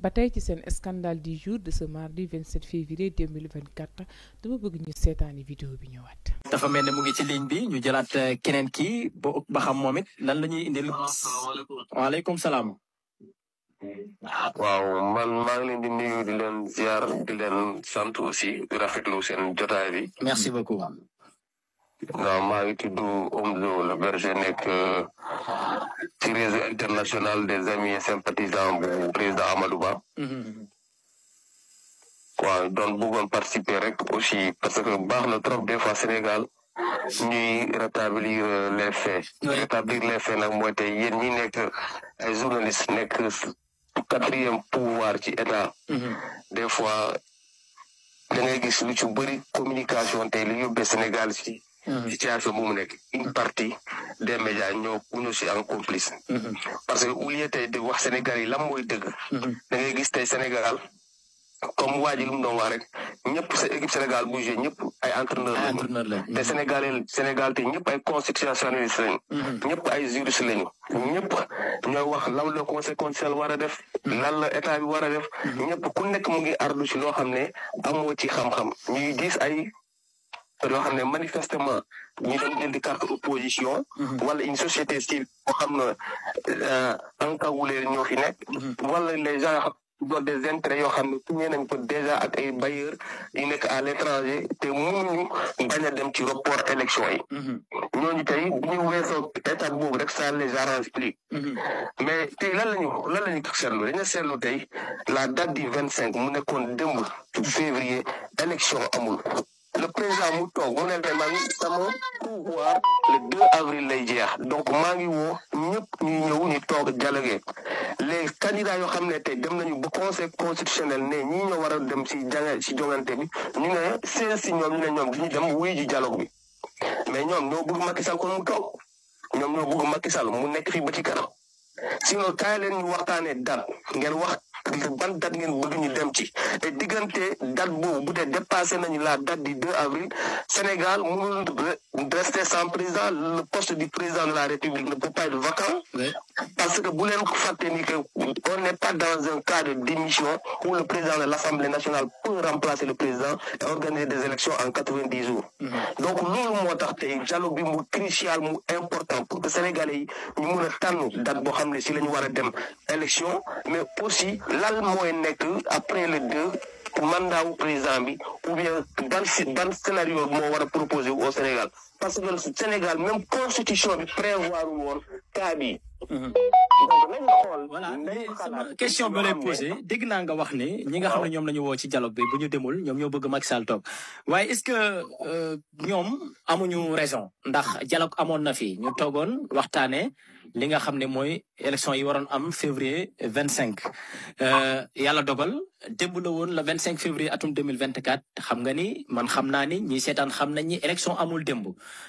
batay ci sen scandale du jour de ce mardi 27 février 2024 dama bëgg ñu seetaani vidéo bi ñëwaat. dafa melni mu ngi ci ligne bi ñu jëlat euh, keneen ki ba ba xam momit lan la ñuy indil. alaykum salam waaw man ma ngi leen di nuyu di leen ziar di leen sant aussi di rafetlu sen jotaay bi. merci beaucoup. Non, ngi tudd Omzo le berger nekk ci réseau international des amis et sympathisants du président Amadou Ba. waaw doon bëggoon participer rek aussi parce que baax na trop des fois Sénégal ñuy rétablir euh, les faits. rétablir les faits nag mooy tey yéen journaliste nekk n'est que le quatrième pouvoir ci état. Mhm. des fois da ngay gis lu ci communication tey lu yóbbee Sénégal si. Mhm. situation bu mu nekk une partie des médias ñoo ñu si en complice. Mhm. parce que au lieu tey di wax Sénégal yi lan mooy dëgg. Mhm. da ngay gis tey Sénégal comme waa ji lu mu doon wax rek ñëpp sa équipe Sénégal bu joué ñëpp ay entraîneur lañu. te Sénégal Sénégal te ñëpp ay constitutionnaliste lañu. ñëpp ay juriste lañu. ñëpp ñooy wax lan la conseil constitutionnel war a def. lan la état bi war a def. ñëpp ku nekk mu ngi ardu si loo xam ne amoo ci xam-xam ñuy ay. te loo xam ne manifestement ñu dem indi opposition. Mhm. wala une société civile boo xam ne euh, encagulé ñoo fi nekk. Mhm. wala les gens doon des intérêts yoo xam ne signé nañ ko déjà ak ay bailleurs yu nekk à l'étranger te mënuñu bañ a dem ci report élection yi. Mhm. ñooñu tey bu ñu weesoo état boobu rek ça les arrange plus. mais te lan la ñu lan la ñu seetlu dañu seetlu tey la date du vingt cinq mu nekkoon démb février élection amul. le présent mu toog mu ne man sama pouvoir le 2 avril lay jeex donc maa ngi woo ñëpp ñuy ñëw ñu toog dialogué les candidats yoo xam ne tey dem nañu bu conseil constitutionnel ne ñii ñoo war a dem si jàng si jongante bi ñu ne seen si ñoom ñu ne ñoom ñu dem wuy ji dialogue bi mais ñoom ñoo bëgg Macky Sall kon mu toog ñoom ñoo bëgg Macky Sall mu nekk fii ba ci kanam. sinon kaay leen ñu date ngeen wax ban date ngeen bëgg ñu dem ci te diggante date boobu bu dé dépassé nañ la date du 2 avril Sénégal mu rester sans président le poste du président de la République ne peut pas être vacant. parce que bu leen ko ni que on n'est pas dans un cas de démission où le président de l'Assemblée nationale peut remplacer le président et organiser des élections en 90 jours. Mm-hmm. donc nous moo tax tey dialogue bi mu crucial mu important pour que Sénégalais yi ñu mën a tànn date boo xam ne si lañu ñu war a dem élection mais aussi lan mooy nekk après le deux mandat wu président bi ou bien ban ban scénario moo war a proposé au Sénégal parce que le Sénégal même constitution bi prévoir woon cas bi. Mhm. voilà sama question bi lay posé dégg naa nga wax ne ñi nga xam ne ñoom la ñu woo ci dialogue bi bu ñu demul ñoom ñoo bëgg Macky Sall toog waaye est-ce que euh, ñoom amuñu raison ndax dialogue amoon na fi ñu toogoon waxtaanee. li nga xam ne mooy élection yi waroon am février vingt cinq euh, yàlla dogal démb la woon le vingt cinq février atum deux mille vingt quatre xam nga ni man xam naa ni ñi seetaan xam nañ ni élection amul démb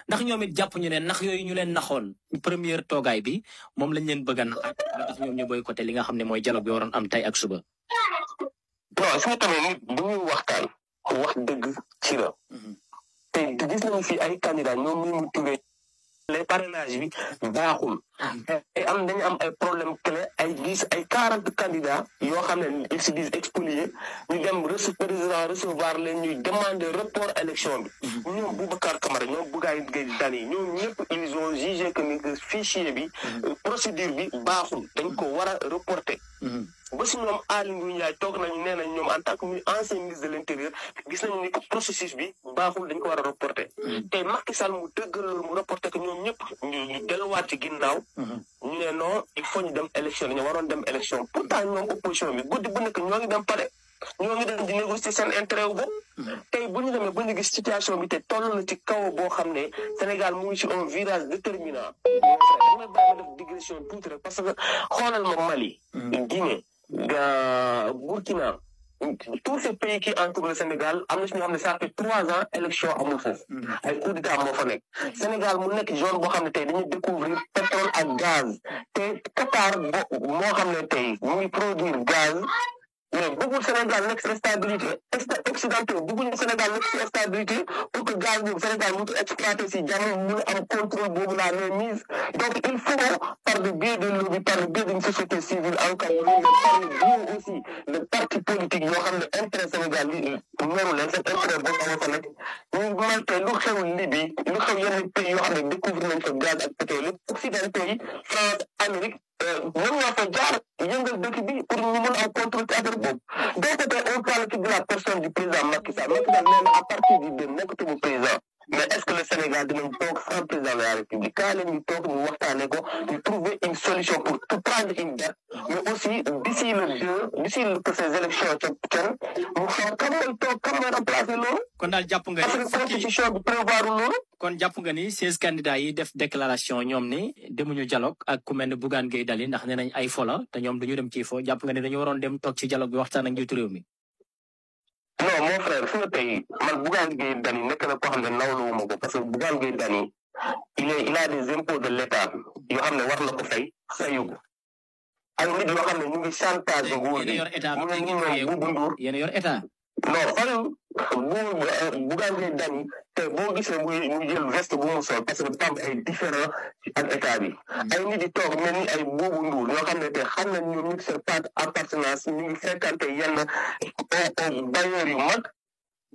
ndax ñoom it jàpp ñu ne nax yooyu ñu leen naxoon première toogaay bi moom lañ leen bëgg a naxaat ba ñoom ñu boycotté li nga xam ne mooy bi waroon am tey ak suba. bon soo tamit bu ñuy waxtaan wax dëgg ci la. Mm-hmm. te gis nañu fi ay candidat ñoom ñu turee les parrainages bi baaxul et am dañu am ay problème clé ay dix ay quarante candidats yoo xam ne ils se disent ñu dem président recevoir leen ñuy demander report élection bi ñoom Boubacar Camara ñoom Bougane yi Dany ñoom ñëpp ils ont jugé que ni fichier bi mm-hmm. procédure bi baaxul dañ ko war a reporter mm-hmm. aussi ñoom Aly Ngouille Ndiaye toog nañu nee ñoom en tant que muy ancien de l' gis nañu ni que processus bi baaxul dañ ko war a reporter. Mm-hmm. te Macky Sall mu dëggal mu reporter que ñoom ñëpp ñu del delluwaat ci ginnaaw. Mm-hmm. ñu ne non il ñu dem élection dañoo waroon dem élection pourtant ñoom opposition bi guddi bu nekk ñoo ngi dem pare ñoo ngi dem di négocier seen intérêt wu bopp. Mm-hmm. ñu demee ba ñu gis situation bi te toll na ci kaw boo xam ne Sénégal mu ngi ci un virage déterminant. damay bàyyi ma def digression tuuti rek parce que xoolal ma Mali. Guinée. Burkina tous ces pays qui entourent le Sénégal am na ci ñoo xam ne ça fait trois ans élection amul foofu ay coup d'état moo fa nekk Sénégal mu nekk zone boo xam ne tey dañuy découvrir pétrole ak gaz te Qatar moo xam ne tey mu produire gaz mais bëggul Sénégal nekk si stabilité est occidentaux bëgguñu Sénégal nekk si stabilité pour que gaz boobu Sénégal mu exploité si jàmm mun am contrôle boobu la mainmise donc il faut par le biais de lobby par le biais d'une société civile en Cameroun mais par le biais aussi de parti politique yoo xam ne intérêt Sénégal yi ñoru leen seen intérêt boobu moo fa nekk ñu monte lu xew Libye lu xew yenn pays yoo xam ne découvrir nañ ko gaz ak pétrole occidentaux yi France Amérique euh, ñoom ñoo fa jaar yëngal dëkk bi pour ñu mun donc on parle de la personne du président Macky Sall, Macky même à partir du 2, n'est que président. mais est-ce que le Sénégal dinañ toog sans président de la République kaa la ñuy ko ñu trouver une solution pour tout une date mais aussi d'ici le deux d'ici le que ces élections ca can mu xool kan mooy kon daal jàpp nga ni nga ni seize candidats yi def déclaration ñoom ni demuñu dialogue ak ku mel ne Bougane Gueye Dany ndax nee nañ ay fo la te ñoom duñu dem ci fo jàpp nga ni dañu waroon dem toog ci dialogue bi waxtaan ak njiitu mi. contraire fi nga tey man Bougane Gueye Dany nekk na koo xam ne nawluwuma ko parce que Bougane Gueye Dany il est il a des impôts de l'État yoo xam ne war na ko fay fayu ko ay nit yoo xam ne ñu ngi chantage nguur gi mu ngi ñoom Bouba Ndour yor état non xoolal bu bugaan ngay dañ te boo gisee muy muy jël veste bu mu sol parce que dafa am ay différent ak état bi ay nit di toog mel ni ay boobu nduur ñoo xam ne te xam na ñoom ñit seen part appartenance ñu ngi fekkante yenn euh, euh, yu mag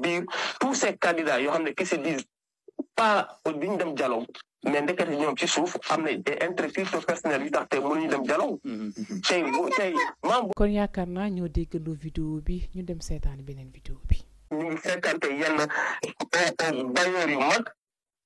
biir tous ces candidats yoo xam ne qui se disent pas duñ dem dialogue mais ndekete ñoom ci suuf am na des intérêts personnels yu tax te ñu dem dialogue. Mm-hmm. tey tey maam. kon yaakaar naa ñoo déggandoo vidéo bi ñu dem seetaan beneen vidéo bi. ñu ngi yenn euh, euh, bailleurs yu mag.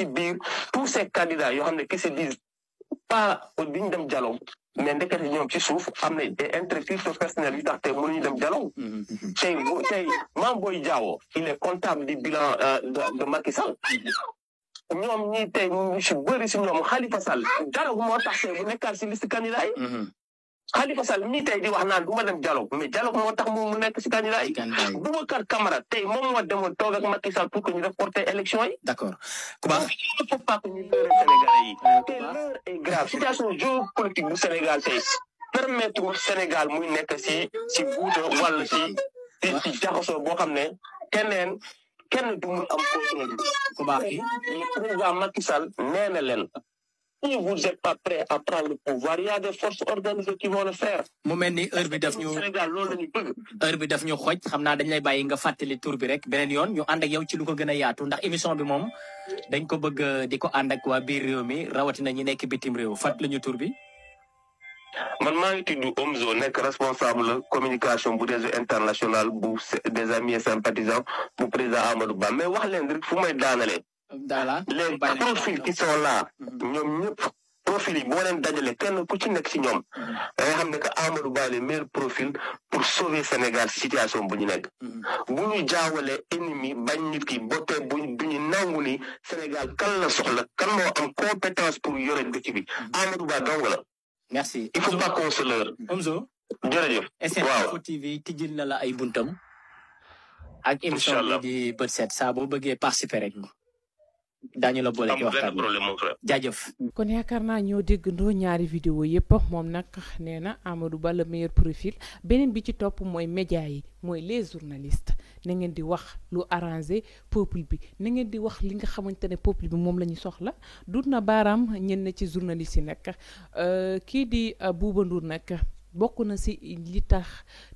si biir tous ces candidats yo xamné ne qui se disent pas duñ dem dialogue mais ndekete ñom ci souf amné des intérêts personnels yu tax te ñu dem dialogue mm-hmm. tey tey Mame Boye Diao il est comptable du bilan euh, de Macky Sall ñom ñi tey ñu ci bëri si ñoom Khalifa Sall dialogue mo taxé bu nekkaat ci liste candidat yi mm-hmm. Khalifa Sall mii tey di wax naan du dem dialogue mais dialogue moo tax mu nekk si candidat yi. Boubacar Camara tey moom moo demoon toog ak Macky Sall pour que ñu reporter élection yi. d'accord Kuba. il ne faut pas ñu leurre yi. Euh, te l'heure est grave situation géopolitique bu Sénégal tey permettre Sénégal muy nekk si si guuta wàll si si jaxasoo boo xam ne keneen kenn du mun am contrôle bi. Kuba yi. président Macky Sall leen. si vous n'êtes pas prêt à prendre le pouvoir il y a des forces organisées qui vont le faire. mu ni heure bi daf ñu heure bi daf ñu xoj xamna dañ lay bayyi nga fàttali tour bi rek benen yoon ñu and ak yow ci lu ko gëna yaatu ndax émission bi mom dañ ko bëgg euh, diko and ak wa biir réew mi rawatina ñi nekk bitim réew Fat ñu tour bi. man maa ngi tudd Omzo nekk responsable communication bu réseau international bu des amis et sympathisants bu président Amadou Ba mais wax leen rek fu may daanalee. Ah. les profils qui sont là ñoom ñëpp profil yi boo leen dajale kenn ku ci nekk ci ñoom mm-hmm. da xam ne que Amadou Ba le meilleur profil pour sauver Sénégal situation bu ñu nekk mm-hmm. bu ñu jaawale ennemi bañ nit bote bu bu nangu ni Sénégal kan la soxla kan moo am compétence pour yore dëkk bi mm-hmm. Amadou Ba dong la il faut pas qu'on se leurre Omzo jërëjëf SeneInfo TV tijjil na la ay buntam ak émission bi di bët set saa boo bëggee participer rek daañu la boole ci waxtaan jaajëf. kon yaakaar naa ñoo déggandoo ñaari vidéo yëpp moom nag nee na Amadou Ba le meilleur profil beneen bi ci topp mooy média yi mooy les journalistes na ngeen di wax lu arrangé peuple bi na ngeen di wax li nga xamante ne peuple bi moom la ñu soxla dut na baaraam ñenn ci journalistes yi nag euh, kii di Bouba Ndour nag. bokk na ci li tax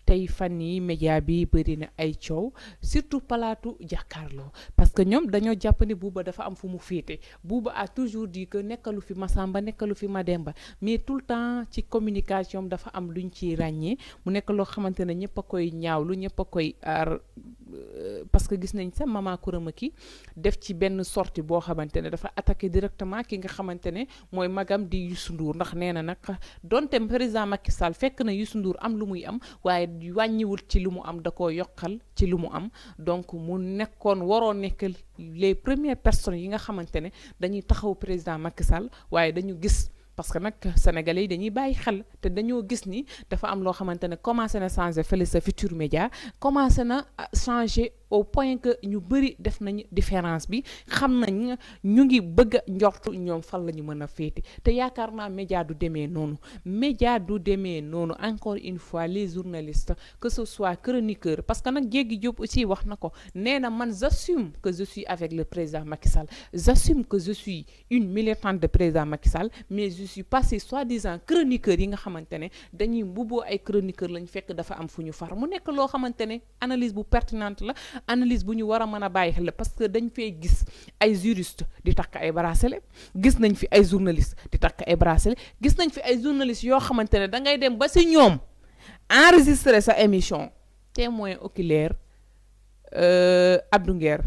tey fan yi média bi bëri na ay coow surtout palaatu jàkkaarloo parce que ñoom dañoo jàpp ni buuba dafa am fu mu féete buuba a toujours dit nekkalu fi Masamba nekkalu fi ma demba mais tout le temps ci communication dafa am luñ ciy ràññee mu nekk loo xamante ne ñëpp a koy ñaawlu ñëpp a koy Euh, parce que gis nañ sax mama ki def ci benn sortie boo xamante ne dafa attaqué directement ki nga xamante ne mooy magam di Youssou nduur ndax nee na nag donte président Macky fekk na Youssou nduur am lu muy am waaye wàññiwul ci lu mu am da koo yokkal ci lu mu am donc mu nekkoon waroon nekk les premières personnes yi nga xamante ne dañuy taxaw président Macky waaye dañu gis. parce que nag sénégalais dañuy bàyyi xel te dañoo gis ni dafa am lo xamantene ne commencé na changer fële sa futur média commencé na changer au point que ñu bari def nañ différence bi xam nañ ñu ngi bëgg a njortu ñoom fan la ñu mën a féete média du démé noonu média du démé noonu encore une fois les journalistes que ce soit chroniqueur parce que nak Diégui Diop aussi wax nako ko man j'assume que je suis avec le président Macky Sall j'assume que je suis une militante de président Macky Sall mais je suis passé soi-disant chroniqueur yi nga xamantene dañuy mbubboo ay chroniqueur lañ fekk dafa am fuñu far mu nekk lo xamantene analyse bu pertinente la analyse bu ñu war a mën a bàyyi xel parce que dañ fee gis ay juriste di takk ay bracelet gis nañ fi ay journaliste di takk ay bracelet gis nañ fi ay journaliste yoo xamante ne da dem ba si ñoom enregistrer sa émission témoin oculaire euh, Abdou Nguer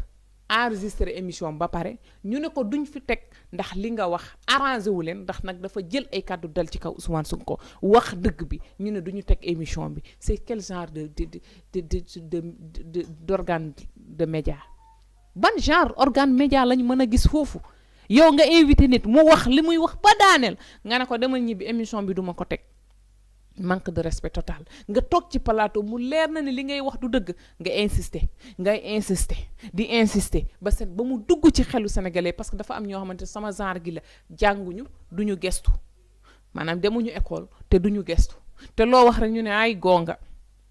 enregistrer émission ba pare ñu ne ko duñ fi teg ndax li nga wax arrangé wu leen ndax nag dafa jël ay kàddu dal ci kaw Ousmane ko wax dëgg bi ñu ne duñu teg émission bi c'est quel genre de de de de d'organe de média ban genre organe média lañ mën a gis foofu yow nga invité nit mu wax li muy wax ba daaneel nga ne ko demal ñibbi émission bi duma ko teg manque de respect total nga toog ci plateau mu leer na ni li ngay wax du dëgg nga insister ngay insister di insister ba set ba mu dugg ci xelu sénégalais parce que dafa am ñoo xamante sama genre gi la jànguñu du ñu gestu maanaam demuñu école te du ñu gestu te loo wax rek ñu ne ay gonga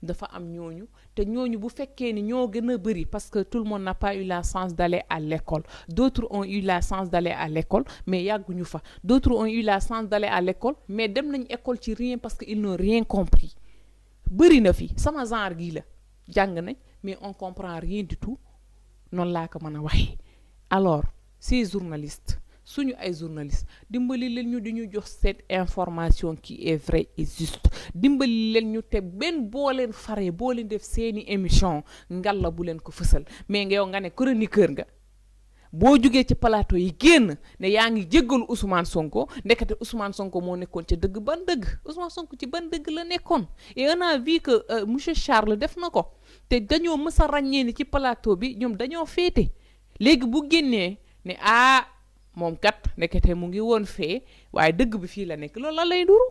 dafa am ñooñu nous ñooñu bu fekkee ni ñoo gën bëri parce que tout le monde n'a pas eu la chance d'aller à l'école d'autres ont eu la chance d'aller à l'école mais yàgguñu fa d'autres ont eu la chance d'aller à l'école mais dem nañ école ci rien parce que ils n'ont rien compris bëri na fi sama genre la mais on comprend rien du tout noonu laa ko mën a alors ces journalistes suñu ay journaliste dimbali leen ñu di ñu jox cette information qui est vraie et dimbali leen ñu te benn boo leen faree boo leen def seeni émission ngalla bu leen ko fësal mais nga yow nga ne chroniqueur nga boo jógee ci plateau yi génn ne yaa ngi jéggalu Ousmane Sonko ndekete Ousmane Sonko moo nekkoon ca dëgg ban dëgg Ousmane Sonko ci ban dëgg la nekkoon et on a vu que euh, monsieur Charles def na ko te dañoo mësa a ci plateau bi ñoom dañoo féete léegi bu génnee ne ah, mom kat nekete mu ngi won fe waye deug bi fi la nek loolu la lay duru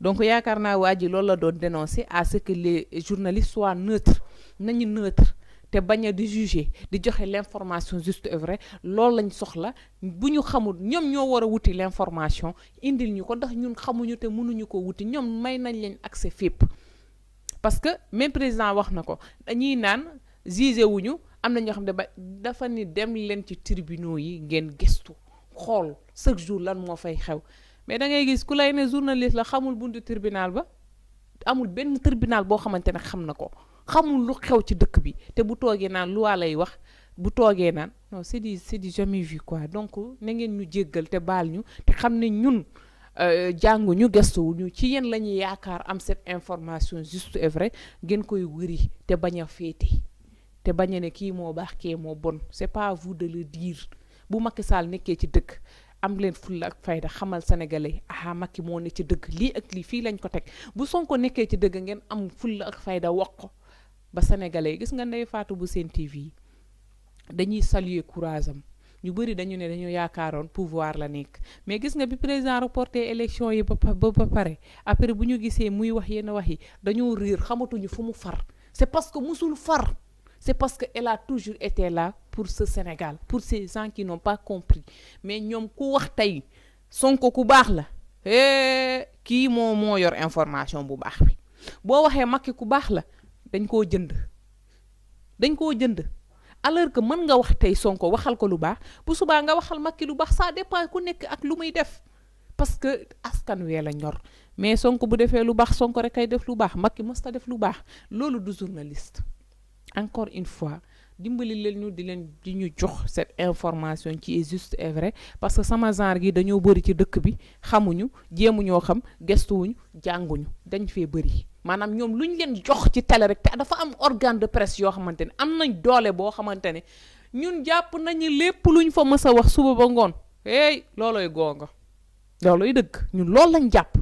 donc yakarna waji waa la doon dénoncer à ce que les journalistes soient neutres nañu neutre te bañ a di juger di joxe l'information juste et vrai loolu lañ soxla buñu xamul ñom ño wara a wuti l'information indil ñuko ko ndax ñun xamuñu te mënuñu ko wuti ñom may nañ leen accès fep parce que même président wax na dañuy nan jugé wuñu am na ñoo xam ne ba dafa ni dem leen ci tribunaux yi ngeen gëstu xool chaque jour lan moo fay xew mais da ngay gis ku lay ne journaliste la xamul buntu tribunal ba amul benn tribunal boo xamante ne xam na ko xamul lu xew ci dëkk bi te bu toogee naan lu waa lay wax bu toogee naan non c'est du c'est du jamais vu quoi donc na ngeen ñu jéggal te baal ñu te xam ne ñun euh, jàngu ñu gëstuwuñu ci yéen la ñuy yaakaar am cette information juste et ngeen koy wëri te bañ a féete. te bañ ne kii moo baax kee moo bon c'est pas à vous de le dire bu Macky Sall nekkee ci dëkk am leen fulla ak fayda xamal sénégalais aha Macky moo ne ci dëgg lii ak lii fii lañ ko teg bu Sonko nekkee ci dëgg ngeen am fulla ak fayda wax ko ba sénégalais gis nga Ndeye Fatou bu seen TV dañuy saluer courage am ñu bëri dañu ne dañu yaakaaroon pouvoir la nekk mais gis nga bi président reporté élection yi ba ba pare après bu ñu gisee muy wax yenn wax yi dañoo riir xamatuñu fu mu far c'est parce que musul far c'est parce qu'elle a toujours été là pour ce Sénégal pour ces gens qui n'ont pas compris mais nous ku wax tay Sonko ku bax la eh, ki mo mo yor information bu bax bi Bo waxee makki ku bax la dañ ko jënd dañ ko jënd alors que man nga wax tey Sonko waxal ko lu bax, bu suba nga waxal makki lu bax ça dépend ku nek ak lu muy def parce que askan wé la ñor mais Sonko bu défé lu baax Sonko rek kay def lu bax, makki mës ta def lu bax. loolu du journaliste encore une fois dimbali leen ñu di leen di ñu jox cette information ci est juste et vrai parce que sama genre gi dañoo bëri ci dëkk bi xamuñu ñoo xam gestuwuñu jànguñu dañ fee bëri maanaam ñoom lu ñu leen jox ci télé rek te dafa am organe de presse yoo xamante ne am nañ doole boo xamante ne ñun jàpp nañu lépp lu ñu fa mës a wax suba ba ngoon hey looloy gonga looloy dëkk ñun loolu lañ jàpp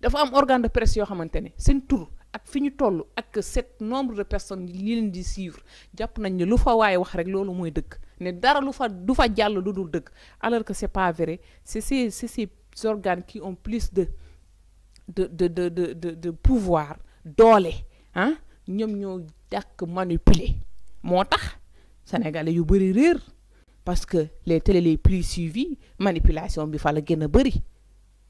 dafa am organe de presse yoo xamante ne seen tur ak fi ñu toll ak set nombre de personnes li leen di suivre jàpp nañ ne lu fa waaye wax rek loolu mooy dëgg ne dara lu fa du fa jàll lu dul alors que c'est pas vrai c'est ces c'est ces organes qui ont plus de de de de de de pouvoir doole ah ñoom ñoo dàkk manipuler moo tax sénégalais yu bëri réer parce que les télé les plus suivis manipulation bi fa la gën a bëri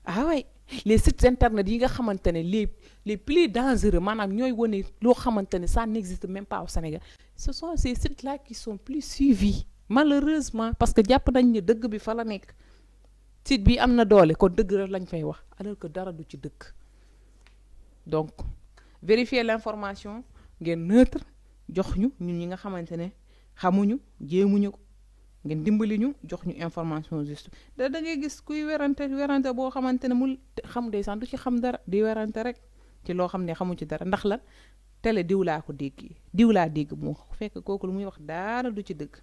ah ouais les sites internet yi nga xamante ne les les plus dangereux maanaam ñooy wane loo xamante ne ça n'existe même pas au Sénégal ce sont ces sites là qui sont plus suivis malheureusement parce que jàpp nañ ne dëgg bi fa la nekk site bi am na doole kon dëgg rek lañ fay wax alors que dara du ci dëgg donc vérifier l'information ngeen neutre jox ñu ñun ñi nga xamante ne xamuñu jéemuñu ko ngeen dimbali ñu jox ñu information juste da da gis kuy werante werante boo xamante ne mu xam ndeysaan du ci xam dara di werante rek ci loo xam ne xamu ci dara ndax la tele diw laa ko dégg diw laa dégg mu fekk kooku lu muy wax daara du ci dëgg.